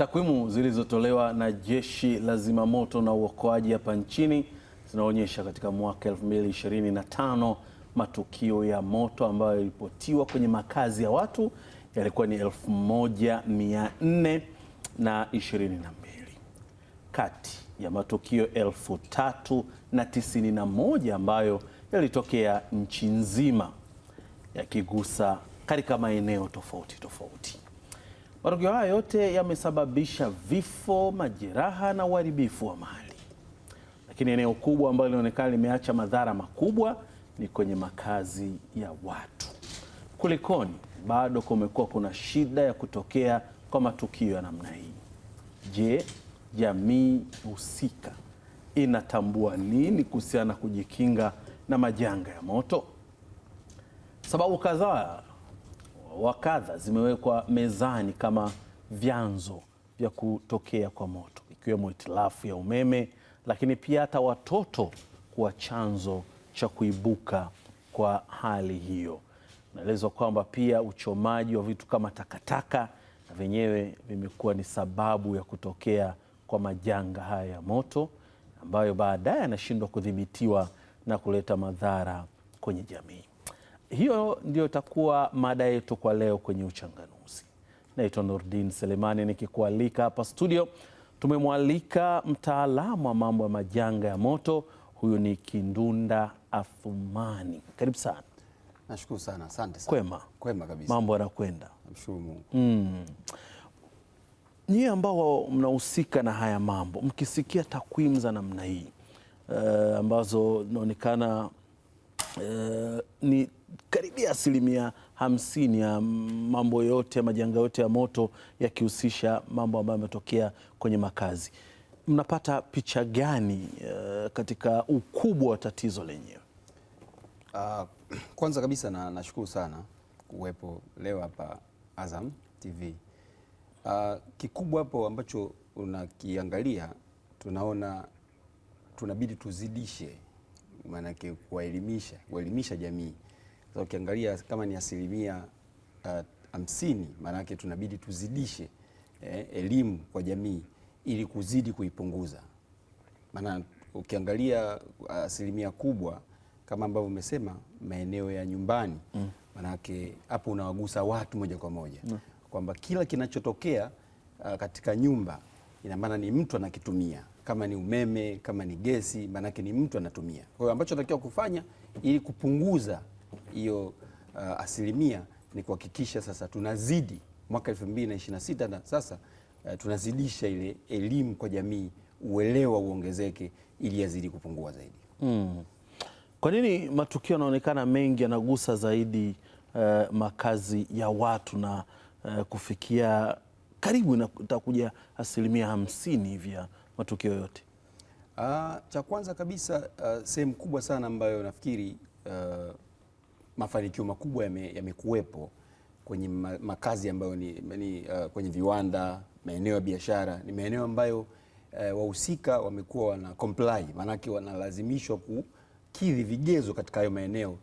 Takwimu zilizotolewa na jeshi la zimamoto na uokoaji hapa nchini zinaonyesha katika mwaka 2025 matukio ya moto ambayo yalipotiwa kwenye makazi ya watu yalikuwa ni 1422 kati ya matukio 3091 ambayo yalitokea nchi nzima yakigusa katika maeneo tofauti tofauti. Matokeo haya yote yamesababisha vifo, majeraha na uharibifu wa mali, lakini eneo kubwa ambalo linaonekana limeacha madhara makubwa ni kwenye makazi ya watu. Kulikoni bado kumekuwa kuna shida ya kutokea kwa matukio ya namna hii. Je, jamii husika inatambua nini kuhusiana na kujikinga na majanga ya moto? Sababu kadhaa wa kadha zimewekwa mezani kama vyanzo vya kutokea kwa moto, ikiwemo hitilafu ya umeme, lakini pia hata watoto kuwa chanzo cha kuibuka kwa hali hiyo. Naelezwa kwamba pia uchomaji wa vitu kama takataka na vyenyewe vimekuwa ni sababu ya kutokea kwa majanga haya ya moto ambayo baadaye yanashindwa kudhibitiwa na kuleta madhara kwenye jamii hiyo ndio itakuwa mada yetu kwa leo kwenye Uchanganuzi. Naitwa Nurdin Selemani nikikualika hapa studio. Tumemwalika mtaalamu wa mambo ya majanga ya moto, huyu ni Kindunda Athumani. Karibu sana. Nashukuru sana, asante sana. Kwema, kwema kabisa, mambo yanakwenda, namshukuru Mungu. Mm. Nyie ambao mnahusika na haya mambo, mkisikia takwimu za namna hii uh, ambazo inaonekana uh, eh, ni karibia asilimia hamsini ya mambo yote majanga yote ya moto yakihusisha mambo ambayo yametokea kwenye makazi. Mnapata picha gani uh, katika ukubwa wa tatizo lenyewe? Uh, kwanza kabisa na nashukuru sana kuwepo leo hapa Azam TV. Uh, ah, kikubwa hapo ambacho unakiangalia tunaona tunabidi tuzidishe maanake kuwaelimisha kuelimisha jamii sasa ukiangalia kama ni asilimia uh, hamsini, uh, maanake tunabidi tuzidishe eh, elimu kwa jamii ili kuzidi kuipunguza, maana ukiangalia uh, asilimia kubwa kama ambavyo umesema maeneo ya nyumbani mm. Manake hapo unawagusa watu moja kwa moja mm. kwamba kila kinachotokea uh, katika nyumba ina maana ni mtu anakitumia, kama ni umeme, kama ni gesi, maanake ni mtu anatumia. Kwa hiyo ambacho anatakiwa kufanya ili kupunguza hiyo uh, asilimia ni kuhakikisha sasa tunazidi mwaka 2026 na sasa uh, tunazidisha ile elimu kwa jamii, uelewa uongezeke ili yazidi kupungua zaidi. Mm. Kwa nini matukio yanaonekana mengi yanagusa zaidi uh, makazi ya watu na uh, kufikia karibu itakuja asilimia hamsini hivi ya matukio yote? Uh, cha kwanza kabisa uh, sehemu kubwa sana ambayo nafikiri uh, mafanikio makubwa yamekuwepo yame kwenye makazi ambayo ni, ni uh, kwenye viwanda, maeneo ya biashara, ni maeneo ambayo uh, wahusika wamekuwa wana comply, maanake wanalazimishwa kukidhi vigezo katika hayo maeneo uh,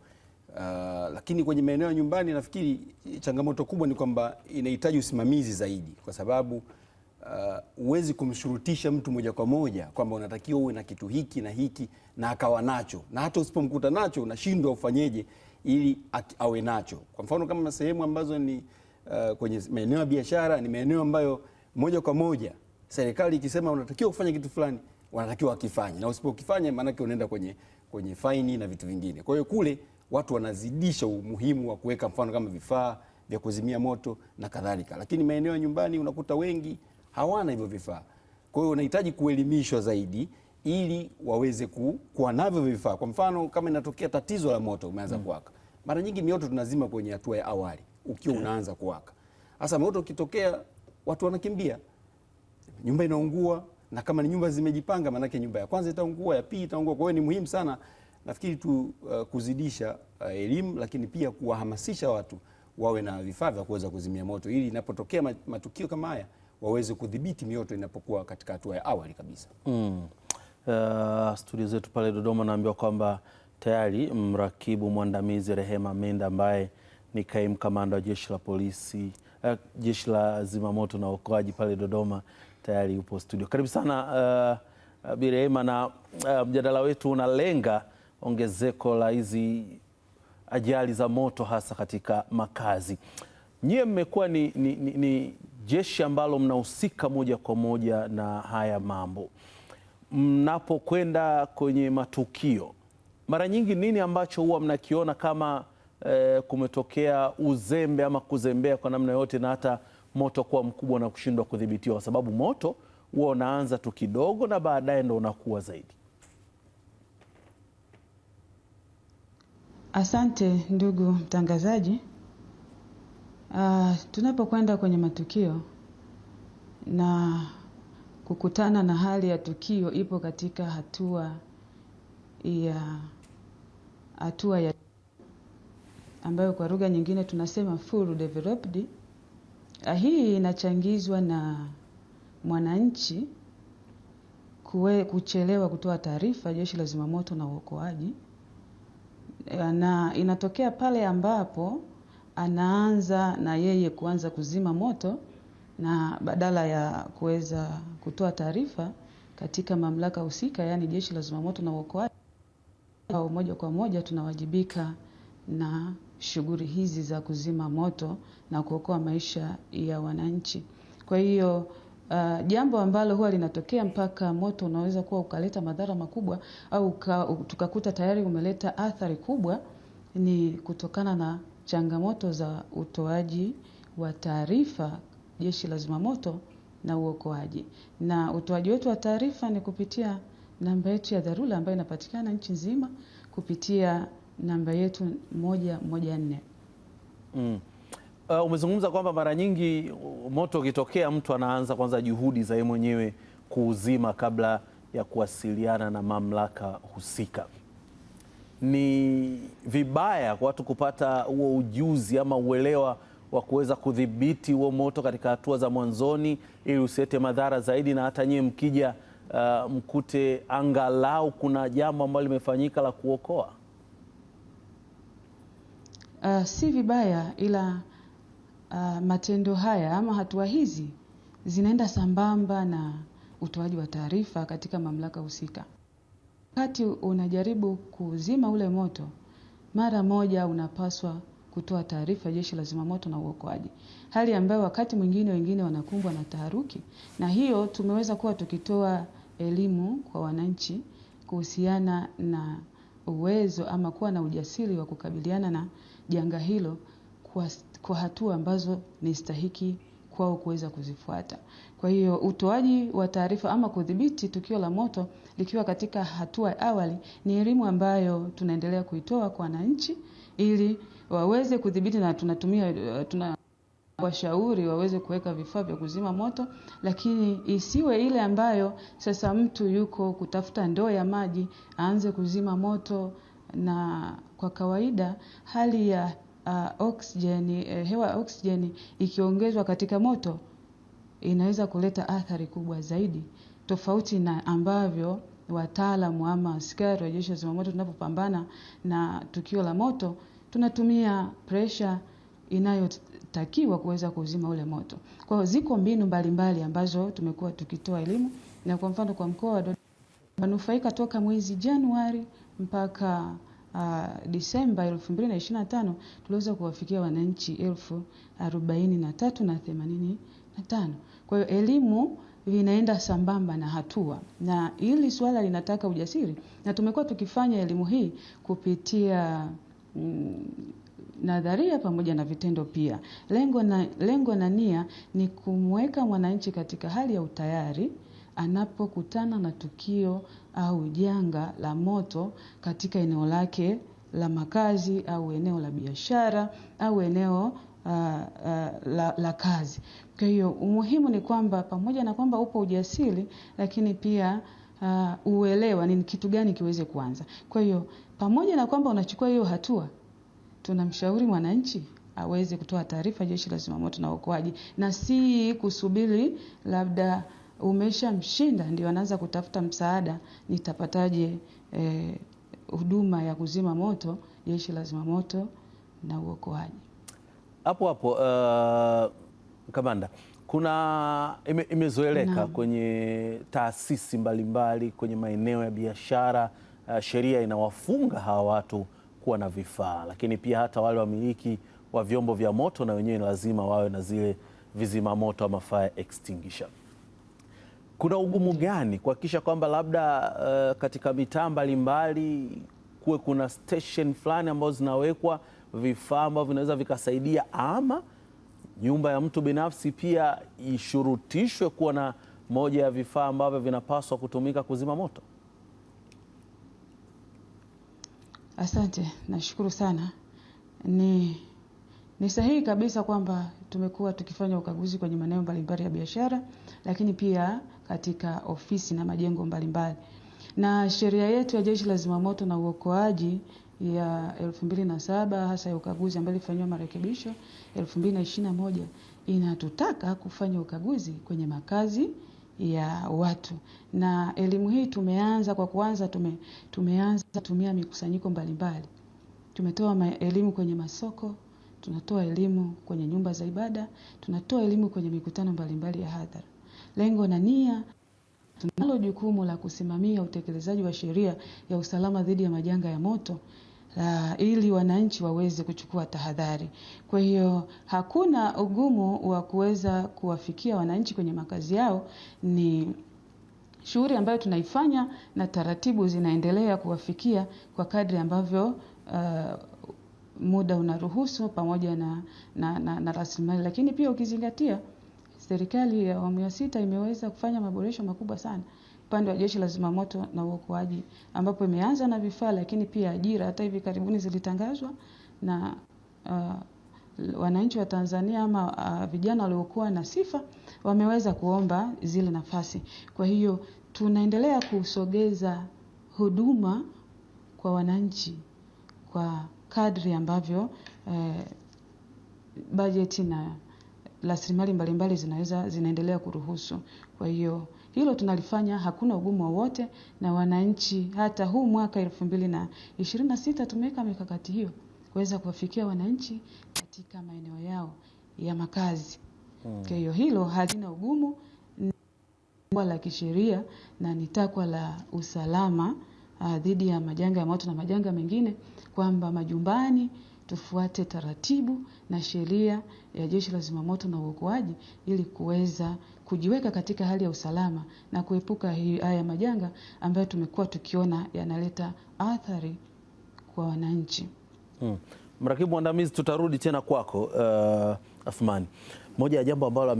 lakini kwenye maeneo ya nyumbani nafikiri changamoto kubwa ni kwamba inahitaji usimamizi zaidi, kwa sababu uh, huwezi uh, kumshurutisha mtu moja kwa moja kwamba unatakiwa uwe na kitu hiki na hiki na akawa nacho, na hata usipomkuta nacho unashindwa ufanyeje ili awe nacho. Kwa mfano kama sehemu ambazo ni uh, kwenye maeneo ya biashara ni maeneo ambayo moja kwa moja serikali ikisema unatakiwa kufanya kitu fulani, wanatakiwa wakifanye, na usipokifanya maanake unaenda kwenye, kwenye faini na vitu vingine. Kwa hiyo kule watu wanazidisha umuhimu wa kuweka mfano kama vifaa vya kuzimia moto na kadhalika, lakini maeneo ya nyumbani unakuta wengi hawana hivyo vifaa. Kwa hiyo unahitaji kuelimishwa zaidi ili waweze ku, kuwa navyo vifaa. Kwa mfano kama inatokea tatizo la moto umeanza mm. kuwaka, mara nyingi mioto tunazima kwenye hatua ya awali ukiwa okay. Mm. unaanza kuwaka. Sasa moto ukitokea, watu wanakimbia, nyumba inaungua, na kama ni nyumba zimejipanga, maanake nyumba ya kwanza itaungua, ya pili itaungua. Kwa hiyo ni muhimu sana nafikiri tu uh, kuzidisha uh, elimu, lakini pia kuwahamasisha watu wawe na vifaa vya kuweza kuzimia moto ili inapotokea matukio kama haya waweze kudhibiti mioto inapokuwa katika hatua ya awali kabisa. Mm. Uh, studio zetu pale Dodoma naambiwa kwamba Tayari mrakibu mwandamizi Rehema Menda ambaye ni kaimu kamanda wa jeshi la polisi eh, jeshi la zimamoto na uokoaji pale Dodoma tayari yupo studio. Karibu sana uh, Bi Rehema, na uh, mjadala wetu unalenga ongezeko la hizi ajali za moto hasa katika makazi. Nyie mmekuwa ni, ni, ni, ni jeshi ambalo mnahusika moja kwa moja na haya mambo. Mnapokwenda kwenye matukio mara nyingi nini ambacho huwa mnakiona kama e, kumetokea uzembe ama kuzembea kwa namna yote na hata moto kuwa mkubwa na kushindwa kudhibitiwa? Kwa sababu moto huwa unaanza tu kidogo na baadaye ndo unakuwa zaidi. Asante ndugu mtangazaji. Uh, tunapokwenda kwenye matukio na kukutana na hali ya tukio ipo katika hatua ya hatua ya ambayo kwa lugha nyingine tunasema full developed. Ah, hii inachangizwa na mwananchi kuwe, kuchelewa kutoa taarifa Jeshi la Zimamoto na Uokoaji, ah, na inatokea pale ambapo anaanza na yeye kuanza kuzima moto na badala ya kuweza kutoa taarifa katika mamlaka husika, yaani Jeshi la Zimamoto na Uokoaji au moja kwa moja tunawajibika na shughuli hizi za kuzima moto na kuokoa maisha ya wananchi. Kwa hiyo uh, jambo ambalo huwa linatokea mpaka moto unaweza kuwa ukaleta madhara makubwa au uka, tukakuta tayari umeleta athari kubwa ni kutokana na changamoto za utoaji wa taarifa Jeshi la Zimamoto na uokoaji, na utoaji wetu wa taarifa ni kupitia namba yetu ya dharura ambayo inapatikana nchi nzima kupitia namba yetu moja moja nne. Mm. Uh, umezungumza kwamba mara nyingi moto ukitokea mtu anaanza kwanza juhudi za yeye mwenyewe kuuzima kabla ya kuwasiliana na mamlaka husika. Ni vibaya kwa watu kupata huo ujuzi ama uelewa wa kuweza kudhibiti huo moto katika hatua za mwanzoni ili usilete madhara zaidi, na hata nyie mkija uh, mkute angalau kuna jambo ambalo limefanyika la kuokoa? Uh, si vibaya ila uh, matendo haya ama hatua hizi zinaenda sambamba na utoaji wa taarifa katika mamlaka husika. Wakati unajaribu kuzima ule moto, mara moja unapaswa kutoa taarifa Jeshi la Zimamoto na Uokoaji, hali ambayo wakati mwingine wengine wanakumbwa na taharuki, na hiyo tumeweza kuwa tukitoa elimu kwa wananchi kuhusiana na uwezo ama kuwa na ujasiri wa kukabiliana na janga hilo kwa, kwa hatua ambazo ni stahiki kwao kuweza kuzifuata. Kwa hiyo utoaji wa taarifa ama kudhibiti tukio la moto likiwa katika hatua ya awali ni elimu ambayo tunaendelea kuitoa kwa wananchi ili waweze kudhibiti na tunatumia tuna washauri waweze kuweka vifaa vya kuzima moto, lakini isiwe ile ambayo sasa mtu yuko kutafuta ndoo ya maji aanze kuzima moto. Na kwa kawaida hali ya uh, oksijeni, eh, hewa ya oksijeni ikiongezwa katika moto inaweza kuleta athari kubwa zaidi, tofauti na ambavyo wataalamu ama askari wa jeshi la zimamoto tunapopambana na tukio la moto tunatumia presha inayo takiwa kuweza kuzima ule moto. Kwa hiyo ziko mbinu mbalimbali ambazo tumekuwa tukitoa elimu, na kwa mfano kwa mkoa wa Dodoma manufaika toka mwezi Januari mpaka uh, Disemba 2025 tuliweza kuwafikia wananchi elfu arobaini na tatu na themanini na tano. Kwa hiyo elimu vinaenda sambamba na hatua, na hili swala linataka ujasiri, na tumekuwa tukifanya elimu hii kupitia mm, nadharia pamoja na vitendo pia. Lengo na, lengo na nia ni kumweka mwananchi katika hali ya utayari anapokutana na tukio au janga la moto katika eneo lake la makazi au eneo la biashara au eneo Uh, uh, la, la kazi. Kwa hiyo umuhimu ni kwamba pamoja na kwamba upo ujasiri, lakini pia uh, uelewa ni kitu gani kiweze kuanza. Kwa hiyo pamoja na kwamba unachukua hiyo hatua, tunamshauri mwananchi aweze kutoa taarifa Jeshi la Zimamoto na Uokoaji, na si kusubiri labda umeshamshinda ndio anaanza kutafuta msaada, nitapataje eh, huduma eh, ya kuzima moto Jeshi la Zimamoto na Uokoaji. Hapo hapo uh, kamanda, kuna ime, imezoeleka kwenye taasisi mbalimbali mbali, kwenye maeneo ya biashara uh, sheria inawafunga hawa watu kuwa na vifaa, lakini pia hata wale wamiliki wa vyombo vya moto na wenyewe lazima wawe na zile vizima moto ama fire extinguisher. Kuna ugumu gani kuhakikisha kwamba labda uh, katika mitaa mbalimbali kuwe kuna station fulani ambazo zinawekwa vifaa ambavyo vinaweza vikasaidia, ama nyumba ya mtu binafsi pia ishurutishwe kuwa na moja ya vifaa ambavyo vinapaswa kutumika kuzima moto? Asante, nashukuru sana. Ni ni sahihi kabisa kwamba tumekuwa tukifanya ukaguzi kwenye maeneo mbalimbali ya biashara, lakini pia katika ofisi na majengo mbalimbali na sheria yetu ya Jeshi la Zimamoto na Uokoaji ya 2007 hasa ya ukaguzi ambayo ilifanyiwa marekebisho 2021 inatutaka kufanya ukaguzi kwenye makazi ya watu, na elimu hii tumeanza kwa kuanza tume, tumeanza tumia mikusanyiko mbalimbali. Tumetoa elimu kwenye masoko, tunatoa elimu kwenye nyumba za ibada, tunatoa elimu kwenye mikutano mbalimbali ya hadhara. Lengo na nia, tunalo jukumu la kusimamia utekelezaji wa sheria ya usalama dhidi ya majanga ya moto uh, ili wananchi waweze kuchukua tahadhari. Kwa hiyo hakuna ugumu wa kuweza kuwafikia wananchi kwenye makazi yao, ni shughuli ambayo tunaifanya na taratibu zinaendelea kuwafikia kwa kadri ambavyo uh, muda unaruhusu pamoja na, na, na, na rasilimali, lakini pia ukizingatia serikali ya awamu ya sita imeweza kufanya maboresho makubwa sana upande wa jeshi la zimamoto na uokoaji, ambapo imeanza na vifaa, lakini pia ajira hata hivi karibuni zilitangazwa na uh, wananchi wa Tanzania ama uh, vijana waliokuwa na sifa wameweza kuomba zile nafasi. Kwa hiyo tunaendelea kusogeza huduma kwa wananchi kwa kadri ambavyo eh, uh, bajeti na rasilimali mbalimbali zinaweza zinaendelea kuruhusu. Kwa hiyo hilo tunalifanya, hakuna ugumu wowote na wananchi. Hata huu mwaka elfu mbili na ishirini na sita tumeweka mikakati hiyo kuweza kuwafikia wananchi katika maeneo yao ya makazi. Hmm. Kwa hiyo hilo halina ugumu, la kisheria na ni takwa la usalama ah, dhidi ya majanga ya moto na majanga mengine kwamba majumbani tufuate taratibu na sheria ya Jeshi la Zimamoto na Uokoaji ili kuweza kujiweka katika hali ya usalama na kuepuka haya majanga ambayo tumekuwa tukiona yanaleta athari kwa wananchi. Hmm. Mrakibu mwandamizi, tutarudi tena kwako uh, Athmani. Moja ya jambo ambalo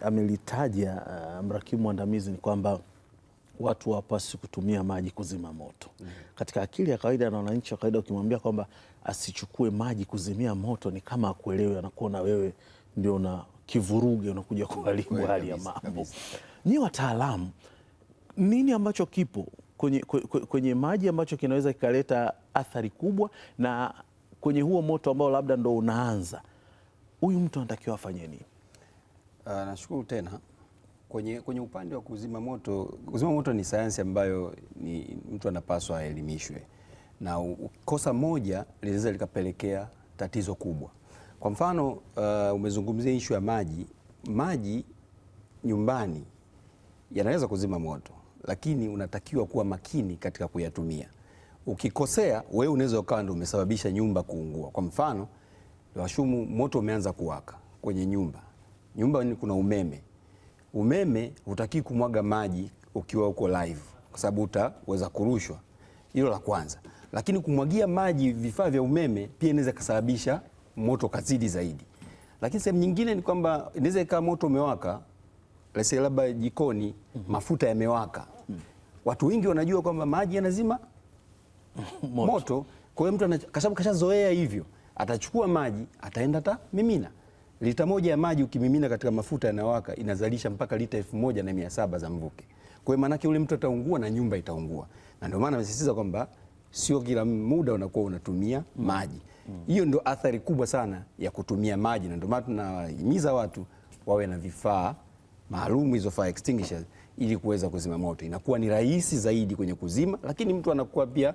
amelitaja uh, mrakibu mwandamizi ni kwamba watu hawapaswi kutumia maji kuzima moto mm. Katika akili ya kawaida na wananchi wa kawaida, ukimwambia kwamba asichukue maji kuzimia moto, ni kama akuelewe, anakuona wewe ndio na kivuruge, unakuja kuharibu hali ya mambo. Nyie wataalamu, nini ambacho kipo kwenye, kwenye maji ambacho kinaweza kikaleta athari kubwa, na kwenye huo moto ambao labda ndo unaanza, huyu mtu anatakiwa afanye nini? Uh, nashukuru tena Kwenye, kwenye upande wa kuzima moto, kuzima moto ni sayansi ambayo ni mtu anapaswa aelimishwe, na kosa moja linaweza likapelekea tatizo kubwa. Kwa mfano uh, umezungumzia ishu ya maji. Maji nyumbani yanaweza kuzima moto, lakini unatakiwa kuwa makini katika kuyatumia. Ukikosea wewe unaweza ukawa ndio umesababisha nyumba kuungua. Kwa mfano washumu, moto umeanza kuwaka kwenye nyumba, nyumba kuna umeme umeme hutaki kumwaga maji ukiwa uko live, kwa sababu utaweza kurushwa. Hilo la kwanza, lakini kumwagia maji vifaa vya umeme pia inaweza kusababisha moto kazidi zaidi. Lakini sehemu nyingine ni kwamba inaweza ikawa moto umewaka lese, labda jikoni, mhm. mafuta yamewaka. Mhm. Watu wengi wanajua kwamba maji yanazima moto, kwa hiyo mtu kashazoea hivyo, atachukua maji ataenda ta mimina Lita moja ya maji ukimimina katika mafuta yanawaka inazalisha mpaka lita elfu moja na mia saba za mvuke. Kwa hiyo maanake ule mtu ataungua na nyumba itaungua, na ndio maana amesisitiza kwamba sio kila muda unakuwa unatumia maji hiyo mm. ndio athari kubwa sana ya kutumia maji, na ndio maana tunahimiza watu wawe na vifaa maalum, hizo fire extinguishers, ili kuweza kuzima moto. Inakuwa ni rahisi zaidi kwenye kuzima, lakini mtu anakuwa pia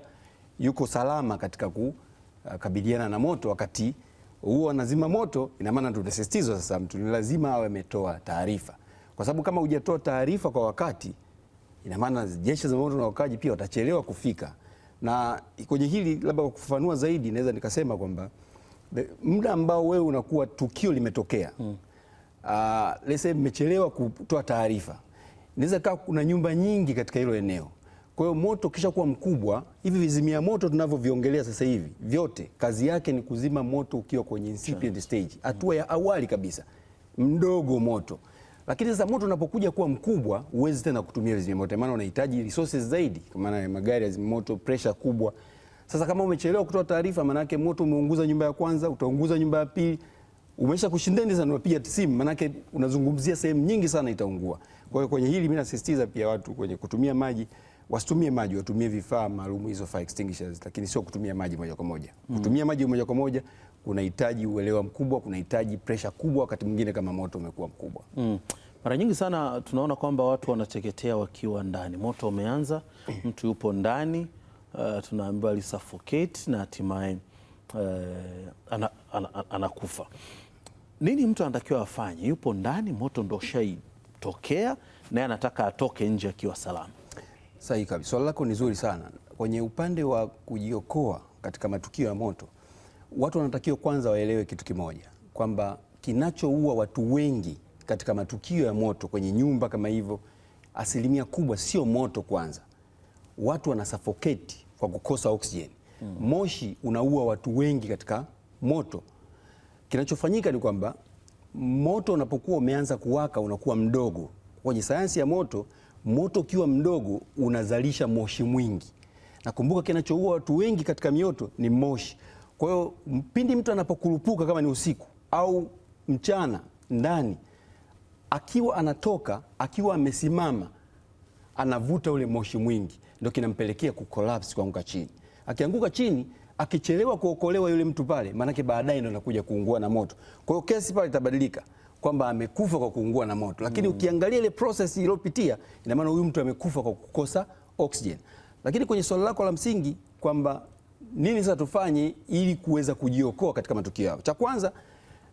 yuko salama katika kukabiliana uh, na moto wakati huo wanazima moto, ina maana tunasisitiza sasa, mtu ni lazima awe ametoa taarifa, kwa sababu kama hujatoa taarifa kwa wakati, ina maana jeshi la zimamoto na wakaji pia watachelewa kufika. Na kwenye hili labda kwa kufafanua zaidi, naweza nikasema kwamba muda ambao wewe unakuwa tukio limetokea hmm. Uh, ah, lese mmechelewa kutoa taarifa, inaweza kaa kuna nyumba nyingi katika hilo eneo kwa hiyo moto kisha kuwa mkubwa, hivi vizimia moto tunavyoviongelea sasa hivi vyote kazi yake ni kuzima moto ukiwa kwenye incipient stage, hatua ya awali kabisa, mdogo moto. Lakini sasa moto unapokuja kuwa mkubwa, huwezi tena kutumia vizimia moto, maana unahitaji resources zaidi, kwa maana ya magari ya moto, pressure kubwa. Sasa kama umechelewa kutoa taarifa, maana yake moto umeunguza nyumba ya kwanza, utaunguza nyumba ya pili, umesha kushindeni sana, unapiga simu, maana yake unazungumzia sehemu nyingi sana itaungua. Kwa hiyo kwenye hili mimi nasisitiza pia watu kwenye kutumia maji wasitumie maji, watumie vifaa maalum hizo fire extinguishers, lakini sio kutumia maji moja kwa moja. mm. Kutumia maji moja kwa moja kunahitaji uelewa mkubwa, kunahitaji pressure kubwa, wakati mwingine kama moto umekuwa mkubwa mm. Mara nyingi sana tunaona kwamba watu wanateketea wakiwa ndani, moto umeanza, mtu yupo ndani uh, tunaambiwa alisufocate na hatimaye uh, eh, ana, ana, ana, anakufa. Nini mtu anatakiwa afanye? Yupo ndani, moto ndo ushaitokea, naye anataka atoke nje akiwa salama. Sahihi kabisa. Swala lako ni zuri sana. Kwenye upande wa kujiokoa katika matukio ya moto, watu wanatakiwa kwanza waelewe kitu kimoja, kwamba kinachoua watu wengi katika matukio ya moto kwenye nyumba kama hivyo, asilimia kubwa sio moto. Kwanza watu wanasafoketi kwa kukosa oksijeni. Mm. Moshi unaua watu wengi katika moto. Kinachofanyika ni kwamba moto unapokuwa umeanza kuwaka unakuwa mdogo. Kwenye sayansi ya moto moto ukiwa mdogo unazalisha moshi mwingi. Nakumbuka kinachoua watu wengi katika mioto ni moshi. Kwa hiyo pindi mtu anapokurupuka kama ni usiku au mchana ndani, akiwa anatoka akiwa amesimama, anavuta ule moshi mwingi, ndio kinampelekea kukolapsi, kuanguka chini. Akianguka chini akichelewa kuokolewa yule mtu pale, maanake baadaye ndo anakuja kuungua na moto. Kwa hiyo kesi pale itabadilika kwamba amekufa kwa kuungua na moto, lakini mm. ukiangalia ile process iliyopitia, ina maana huyu mtu amekufa kwa kukosa oxygen. Lakini kwenye swali lako la msingi kwamba nini sasa tufanye ili kuweza kujiokoa katika matukio hayo, cha kwanza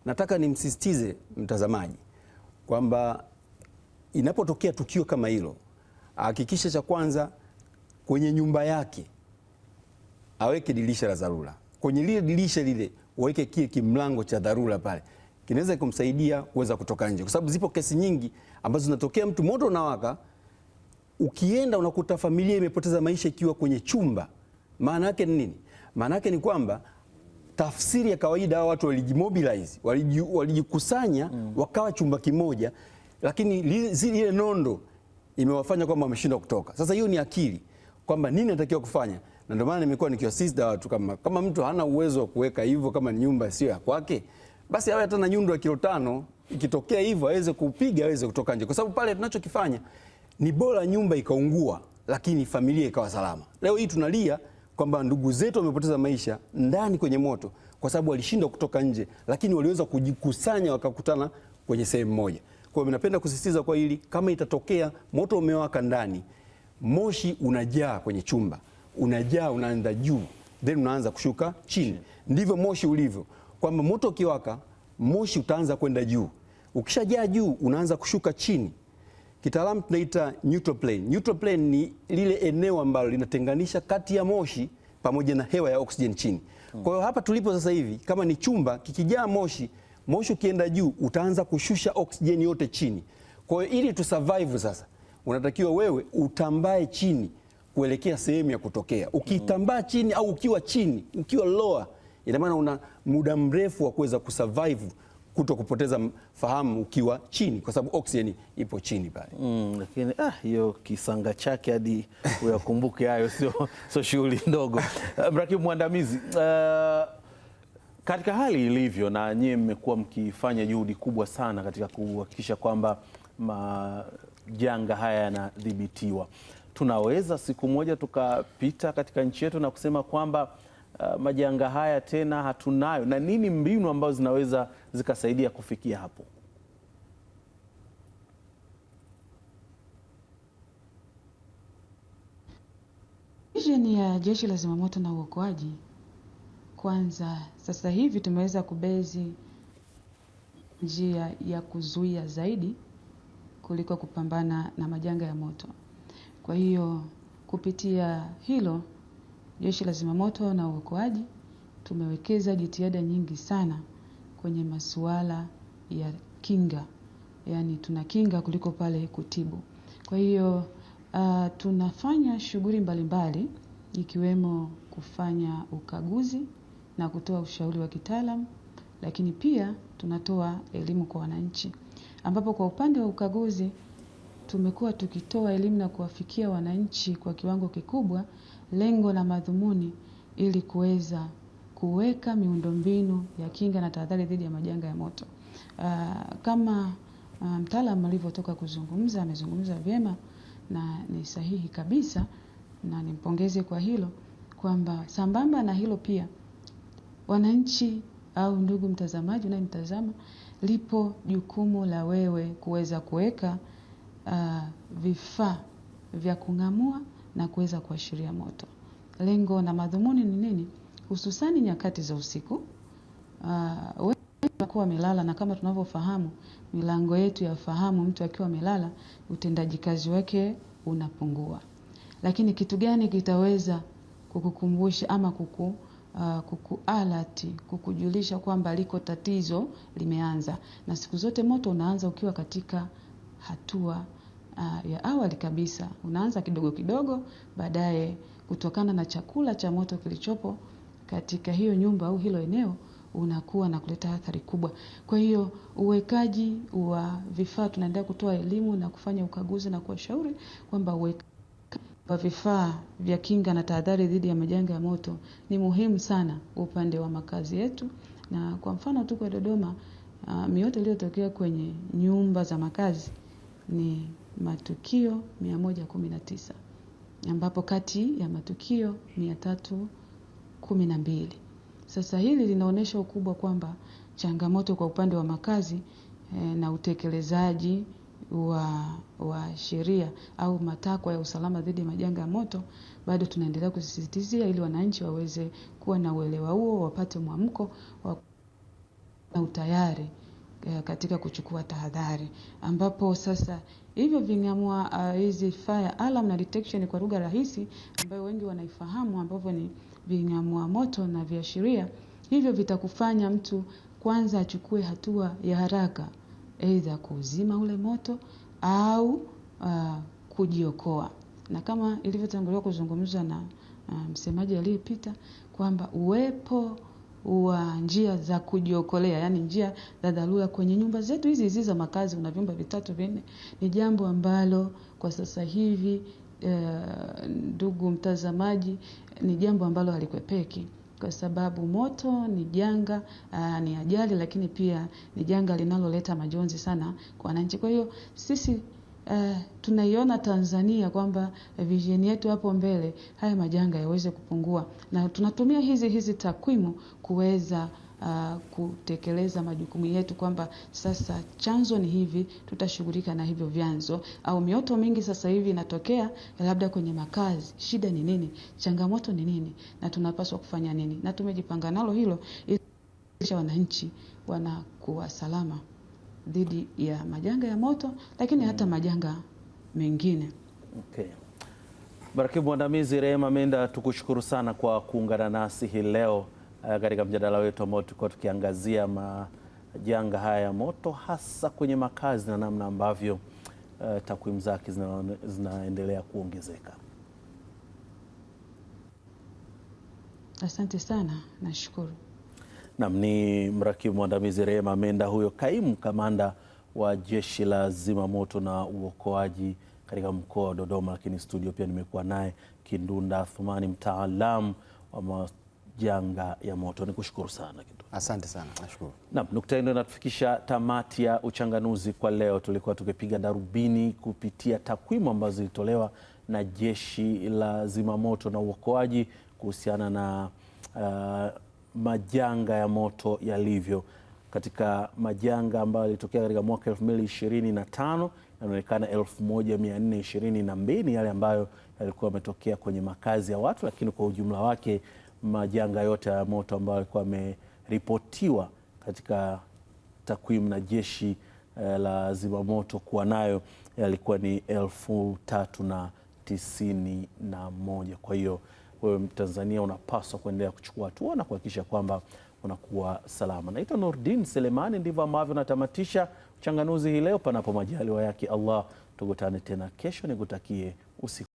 nataka nimsisitize mtazamaji kwamba inapotokea tukio kama hilo, hakikisha cha kwanza kwenye nyumba yake aweke dirisha la dharura, kwenye lile dirisha lile waweke kile kimlango cha dharura pale kinaweza kumsaidia kuweza kutoka nje, kwa sababu zipo kesi nyingi ambazo zinatokea mtu moto unawaka, ukienda unakuta familia imepoteza maisha ikiwa kwenye chumba. Maana yake ni nini? Maana yake ni kwamba tafsiri ya kawaida hao watu walijimobilize, walijikusanya mm. wakawa chumba kimoja, lakini zile nondo imewafanya kwamba wameshindwa kutoka. Sasa hiyo ni akili kwamba nini natakiwa kufanya, na ndio maana nimekuwa nikiwasist watu kama, kama mtu hana uwezo wa kuweka hivyo, kama ni nyumba sio ya kwake basi awe hata na nyundo ya kilo tano, ikitokea hivyo aweze kupiga, aweze kutoka nje, kwa sababu pale tunachokifanya ni bora nyumba ikaungua, lakini familia ikawa salama. Leo hii tunalia kwamba ndugu zetu wamepoteza maisha ndani kwenye moto kwa sababu walishindwa kutoka nje, lakini waliweza kujikusanya wakakutana kwenye sehemu moja. Kwa hiyo napenda kusisitiza kwa hili, kama itatokea moto umewaka ndani, moshi unajaa kwenye chumba, unajaa unaenda juu, then unaanza kushuka chini. Ndivyo moshi ulivyo kwamba moto ukiwaka moshi utaanza kwenda juu, ukishajaa juu unaanza kushuka chini. Kitaalamu tunaita neutral plane. Neutral plane ni lile eneo ambalo linatenganisha kati ya moshi pamoja na hewa ya oksijeni chini. Hmm. Kwa hiyo hapa tulipo sasa hivi, kama ni chumba kikijaa moshi, moshi ukienda juu utaanza kushusha oksijeni yote chini. Kwa hiyo ili tusurvive sasa, unatakiwa wewe utambae chini kuelekea sehemu ya kutokea. Ukitambaa chini au ukiwa chini, ukiwa lower ina maana una muda mrefu wa kuweza kusurvive kuto kupoteza fahamu ukiwa chini, kwa sababu oksijeni ipo chini pale. Mm, lakini ah, hiyo kisanga chake hadi uyakumbuke hayo, sio sio shughuli ndogo. Mrakibu eh, mwandamizi, uh, katika hali ilivyo, na nyie mmekuwa mkifanya juhudi kubwa sana katika kuhakikisha kwamba majanga haya yanadhibitiwa, tunaweza siku moja tukapita katika nchi yetu na kusema kwamba Ah, majanga haya tena hatunayo, na nini mbinu ambazo zinaweza zikasaidia kufikia hapo? Misheni ya Jeshi la Zimamoto na Uokoaji, kwanza sasa hivi tumeweza kubezi njia ya kuzuia zaidi kuliko kupambana na majanga ya moto. Kwa hiyo kupitia hilo Jeshi la Zimamoto na Uokoaji tumewekeza jitihada nyingi sana kwenye masuala ya kinga, yaani tuna kinga kuliko pale kutibu. Kwa hiyo uh, tunafanya shughuli mbalimbali ikiwemo kufanya ukaguzi na kutoa ushauri wa kitaalamu, lakini pia tunatoa elimu kwa wananchi, ambapo kwa upande wa ukaguzi tumekuwa tukitoa elimu na kuwafikia wananchi kwa kiwango kikubwa, lengo na madhumuni ili kuweza kuweka miundombinu ya kinga na tahadhari dhidi ya majanga ya moto. Uh, kama ah, mtaalamu um, alivyotoka kuzungumza, amezungumza vyema na ni sahihi kabisa, na nimpongeze kwa hilo kwamba sambamba na hilo pia wananchi au ndugu mtazamaji unayemtazama, lipo jukumu la wewe kuweza kuweka uh, vifaa vya kung'amua na kuweza kuashiria moto. Lengo na madhumuni ni nini? Hususani nyakati za usiku uh, kuwa amelala na kama tunavyofahamu milango yetu ya fahamu, mtu akiwa amelala utendaji kazi wake unapungua. Lakini kitu gani kitaweza kukukumbusha ama kuku uh, kukualati kukujulisha kwamba liko tatizo limeanza? Na siku zote moto unaanza ukiwa katika hatua Uh, ya awali kabisa. Unaanza kidogo kidogo, baadaye kutokana na chakula cha moto kilichopo katika hiyo nyumba au hilo eneo unakuwa na kuleta athari kubwa. Kwa hiyo uwekaji wa vifaa, tunaendelea kutoa elimu na kufanya ukaguzi na kuwashauri kwamba uwekaji wa vifaa vya kinga na tahadhari dhidi ya majanga ya moto ni muhimu sana upande wa makazi yetu, na kwa mfano tu kwa Dodoma, uh, mioto iliyotokea kwenye nyumba za makazi ni matukio 119 ambapo kati ya matukio 312. Sasa hili linaonyesha ukubwa kwamba changamoto kwa upande wa makazi e, na utekelezaji wa, wa sheria au matakwa ya usalama dhidi ya majanga ya moto bado tunaendelea kusisitizia ili wananchi waweze kuwa na uelewa huo, wapate mwamko wa na utayari eh, katika kuchukua tahadhari ambapo sasa Hivyo ving'amua uh, hizi uh, fire alarm na detection kwa lugha rahisi ambayo wengi wanaifahamu ambavyo ni ving'amua moto na viashiria. Hivyo vitakufanya mtu kwanza achukue hatua ya haraka, aidha kuuzima ule moto au uh, kujiokoa. Na kama ilivyotanguliwa kuzungumzwa na uh, msemaji aliyepita kwamba uwepo wa njia za kujiokolea, yani njia za dharura kwenye nyumba zetu hizi hizi za makazi, una vyumba vitatu vinne, ni jambo ambalo kwa sasa hivi eh, ndugu mtazamaji, ni jambo ambalo halikwepeki kwa sababu moto ni janga uh, ni ajali, lakini pia ni janga linaloleta majonzi sana kwa wananchi. Kwa hiyo sisi eh, tunaiona Tanzania kwamba vision yetu hapo mbele haya majanga yaweze kupungua, na tunatumia hizi hizi takwimu kuweza Uh, kutekeleza majukumu yetu kwamba sasa chanzo ni hivi, tutashughulika na hivyo vyanzo. Au mioto mingi sasa hivi inatokea labda kwenye makazi, shida ni nini, changamoto ni nini, na tunapaswa kufanya nini, na tumejipanga nalo hilo ili wananchi wanakuwa salama dhidi ya majanga ya moto, lakini hata mm. majanga mengine. Okay. Mrakibu mwandamizi Rehema Menda, tukushukuru sana kwa kuungana nasi hii leo eh, katika mjadala wetu ambao tulikuwa tukiangazia majanga haya ya moto hasa kwenye makazi na namna ambavyo uh, takwimu zake zina, zinaendelea kuongezeka. Asante sana, nashukuru. Nam ni mrakibu mwandamizi Rehema Menda, huyo kaimu kamanda wa jeshi la zimamoto na uokoaji katika mkoa wa Dodoma. Lakini studio pia nimekuwa naye Kindunda Athumani, mtaalamu wa majanga ya moto. Ni kushukuru sana Kindunda. Asante sana, nashukuru. Nam, nukta ndio inatufikisha tamati ya uchanganuzi kwa leo. Tulikuwa tukipiga darubini kupitia takwimu ambazo zilitolewa na jeshi la zimamoto na uokoaji kuhusiana na uh, majanga ya moto yalivyo katika majanga ambayo yalitokea katika mwaka 2025 yanaonekana 1422 yale ambayo yalikuwa yametokea kwenye makazi ya watu, lakini kwa ujumla wake majanga yote ya moto ambayo yalikuwa yameripotiwa katika takwimu na jeshi eh, la zimamoto kuwa nayo yalikuwa ni 3091. Kwa hiyo wewe Mtanzania unapaswa kuendelea kuchukua hatua na kuhakikisha kwamba unakuwa salama. Naitwa Nordin Selemani, ndivyo ambavyo natamatisha uchanganuzi hii leo, panapo majaliwa yake Allah. Tukutane tena kesho, nikutakie usiku